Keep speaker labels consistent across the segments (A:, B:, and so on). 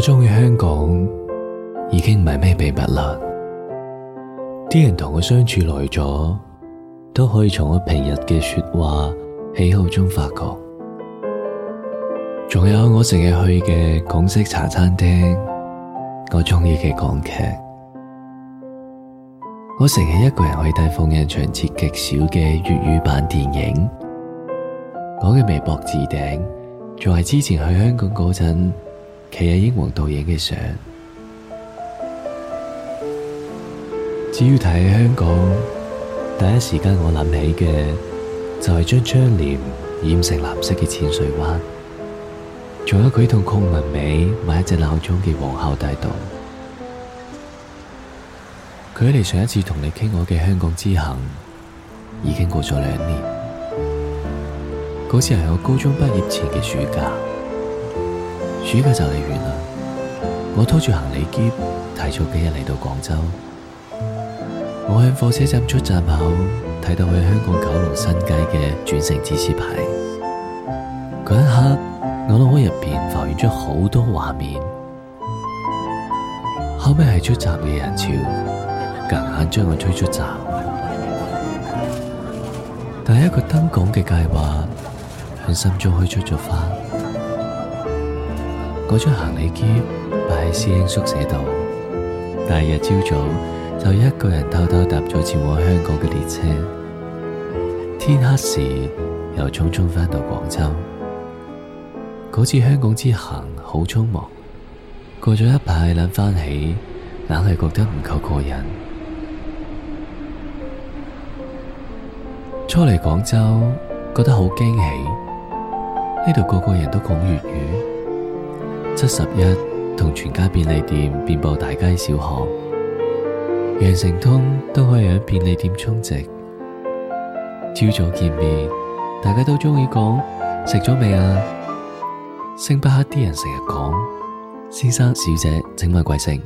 A: 我鍾意香港已經唔係咩秘密啦，啲人同我相處耐咗，都可以從我平日嘅說話喜好中發覺。仲有我成日去嘅港式茶餐廳，我鍾意嘅港劇，我成日一個人去以睇放映場次極少嘅粵語版電影。我嘅微博置頂仲係之前去香港嗰陣。其實英皇道影嘅相。只要提起香港，第一時間我諗起嘅就係將窗簾染成藍色嘅淺水灣，仲有佢同鄺文美買一隻鬧鐘嘅皇后大道。距離上一次同你傾我嘅香港之行，已經過咗兩年。嗰次係我高中畢業前嘅暑假。暑假就嚟完啦，我拖住行李篋，提早幾日嚟到廣州。我喺火車站出站口睇到去香港九龍新界嘅轉乘指示牌，嗰一刻我腦海入邊浮現咗好多畫面。後尾係出站嘅人潮，夾硬將我推出站。第一個登港嘅計劃喺心中開出咗花。我嗰張行李機擺喺師兄宿舍度，第二日朝早上就一個人偷偷搭咗前往香港嘅列車。天黑時又匆匆返到廣州。嗰次香港之行好匆忙，過咗一排諗翻起，硬係覺得唔夠過癮。初嚟廣州覺得好驚喜，呢度個個人都講粵語。七十一同全家便利店遍布大街小巷，羊城通都可以喺便利店充值。朝早見面，大家都鍾意講食咗未啊？星巴克啲人成日講先生小姐，請問貴姓？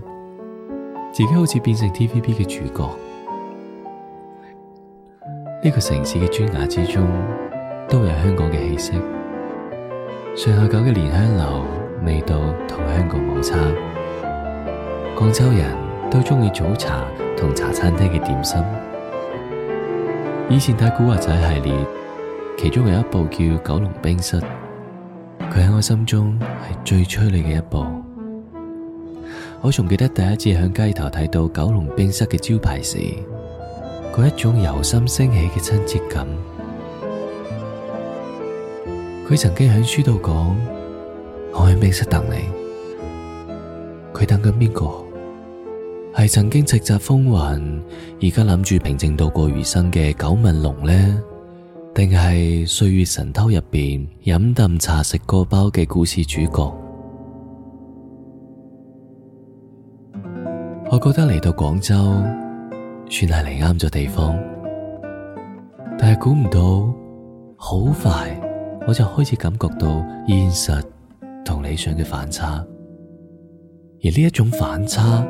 A: 自己好似變成 T V B 嘅主角。呢個城市嘅磚瓦之中，都有香港嘅氣息。上下九嘅蓮香樓。.味道同香港冇差，廣州人都鍾意早茶同茶餐廳嘅點心。以前睇古惑仔系列，其中有一部叫《九龍冰室》，佢喺我心中係最催淚嘅一部。我仲記得第一次喺街頭睇到九龍冰室嘅招牌時，嗰一種由心升起嘅親切感。佢曾經喺書度講。我去冰室等你？佢等緊邊個？係曾經叱咤風雲，而家諗住平靜度過餘生嘅九紋龍呢？定係歲月神偷入邊飲啖茶食個包嘅故事主角？我覺得嚟到廣州，算係嚟啱咗地方，但係估唔到，好快我就開始感覺到現實。同理想嘅反差，而呢一種反差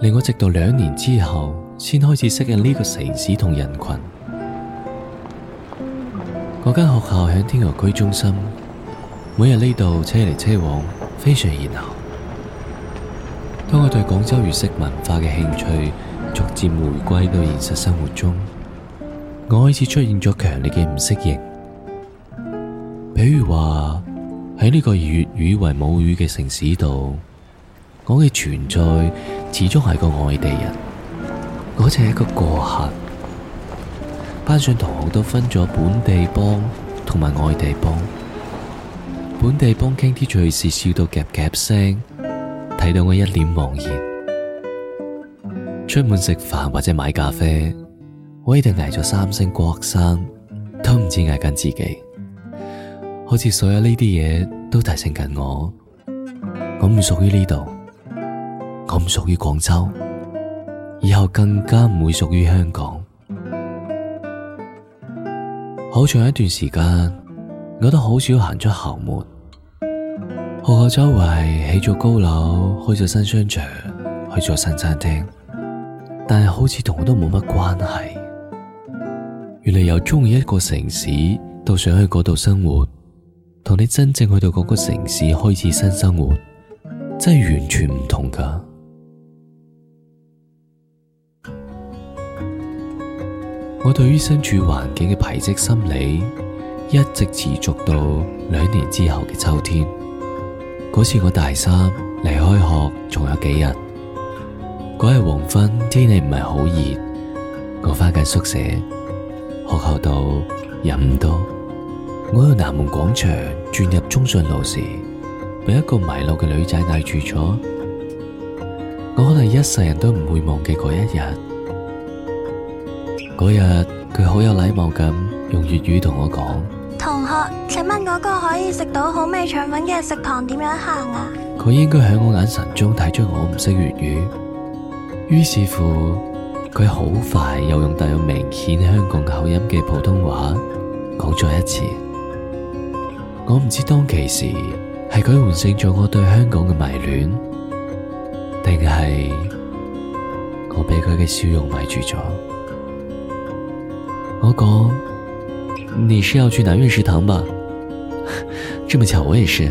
A: 令我直到兩年之後先開始適應呢個城市同人群。嗰間學校喺天河區中心，每日呢度車嚟車往，非常熱鬧。當我對廣州粵式文化嘅興趣逐漸回歸到現實生活中，我開始出現咗強烈嘅唔適應，比如話。喺呢個粵語為母語嘅城市度，我嘅存在始終係個外地人，我只係一個過客。班上同學都分咗本地幫同埋外地幫，本地幫傾啲趣事笑到夾夾聲，睇到我一臉茫然。出門食飯或者買咖啡，我一定捱咗三星國聲，都唔知捱緊自己。好似所有呢啲嘢都提醒緊我，我唔屬於呢度，我唔屬於廣州，以後更加唔會屬於香港。好長一段時間，我都好少行出校門。學校周圍起咗高樓，開咗新商場，開咗新餐廳，但係好似同我都冇乜關係。原來由中意一個城市，到想去嗰度生活，同你真正去到嗰個城市開始新生活，真係完全唔同㗎。我對於身處環境嘅排斥心理，一直持續到兩年之後嘅秋天。嗰次我大三離開學，仲有幾日。嗰日黃昏，天氣唔係好熱，我返緊宿舍，學校度人唔多。我去南門廣場轉入中信路時，被一個迷路嘅女仔嗌住咗。我可能一世人都唔會忘記嗰一日。嗰日佢好有禮貌咁用粵語同我講：同學，請問嗰個可以食到好味腸粉嘅食堂點樣行啊？佢應該喺我眼神中睇出我唔識粵語，於是乎佢好快又用帶有明顯香港口音嘅普通話講咗一次。我唔知當其時係佢喚醒咗我對香港嘅迷戀，定係我俾佢嘅笑容迷住咗。我講，你是要去南苑食堂吧？ 這麼巧我也是，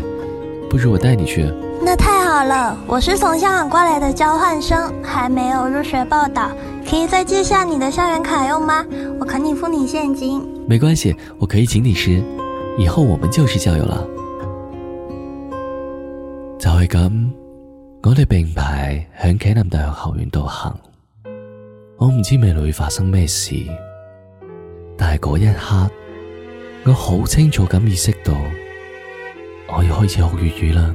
A: 不如我帶你去。那太好了，我是從香港過來的交換生，還沒有入學報道，可以再借下你的校園卡用嗎？我肯定付你現金。沒關係，我可以請你食。以後我們就是校友啦，就係、是、咁，我哋並排向暨南大學校園度行。我唔知未來會發生咩事，但係嗰一刻，我好清楚咁意識到，我要開始學粵語啦。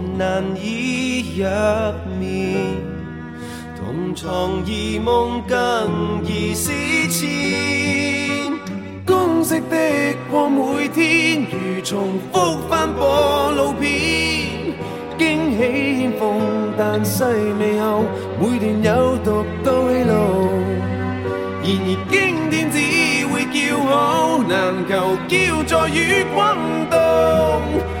B: 難以入眠，同床異夢更易思
C: 遷。公式的過每天，如重複翻播老片。驚喜欠奉。但細味後每段有毒都起爐。然而經典只會叫好，難求叫座與轟動。